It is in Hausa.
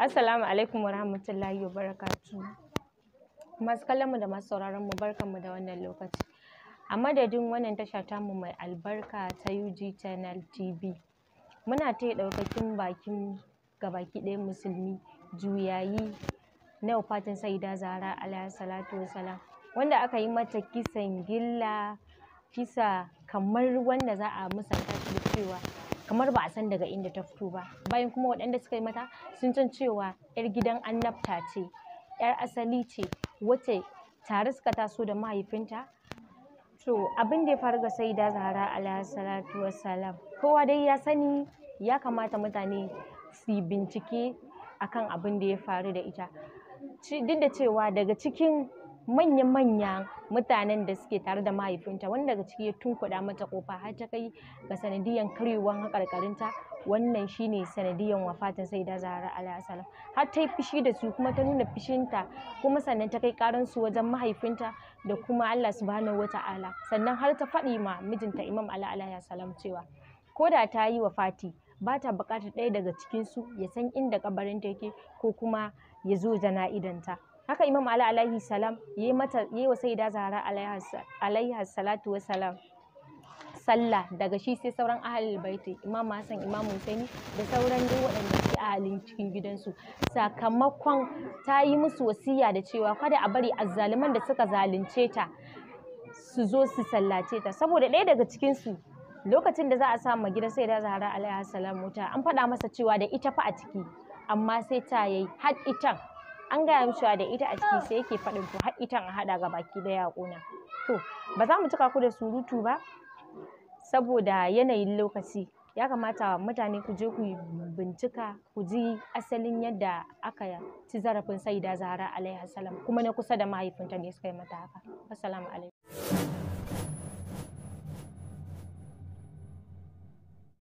Assalamu alaikum wa wabarakatuh. wa barakatuhu. Masu kallonmu da masu sauraronmu barkanmu da wannan lokaci. A madadin wannan tasha tamu mai albarka ta UG Channel TV, muna taya ɗaukakin bakin gabaki ɗaya musulmi juyayi na wafatin Sayyida zara, alaiha salatu Salam. wanda aka yi mata kisan gilla kisa kamar wanda za a musanta shi cewa kamar ba a san daga inda ta fito ba bayan kuma waɗanda suka yi mata sun san cewa 'yar gidan annabta ce 'yar asali ce wacce tare suka taso da mahaifinta to abin da ya faru ga saida zahra alaihi salatu wassalam kowa dai ya sani ya kamata mutane su yi bincike akan abin da ya faru da ita duk da cewa daga cikin manya-manyan mutanen da suke tare da mahaifinta wani daga ciki ya tunkuɗa mata kofa har ta kai ga sanadiyan karyewar haƙarƙarinta wannan shine sanadiyan wafatin saida zahra alaihi salam har ta yi fushi da su kuma ta nuna fushinta kuma sannan ta kai karan wajen mahaifinta da kuma Allah subhanahu ta'ala sannan har ta faɗi ma mijinta imam ali alayhi salam cewa ko da ta yi wafati ba ta buƙatar ɗaya daga cikinsu ya san inda kabarinta yake ko kuma ya zo jana'idanta haka imam ali alaihi salam yi mata yi wa sayyida zahra alaihi salatu salam salla daga shi sai sauran ahalil baiti imam hassan imam husaini da sauran duk waɗanda ke ahalin cikin gidansu sakamakon ta yi musu wasiya da cewa kada a bari azzaluman da suka zalunce ta su zo su sallace ta saboda ɗaya daga cikinsu lokacin da za a sa ma gidan sai da zahara alaihi salam wuta an faɗa masa cewa da ita fa a ciki amma sai ta yayi har ita. an gaya cewa da ita a ciki sai yake faɗin to har ita a haɗa ga baki ɗaya a kona to ba za mu cika ku da surutu ba saboda yanayin lokaci ya kamata mutane ku je ku bincika ku ji asalin yadda aka ci zarafin saida zahra alaihi salam kuma na kusa da mahaifinta ne suka yi mata haka assalamu alaikum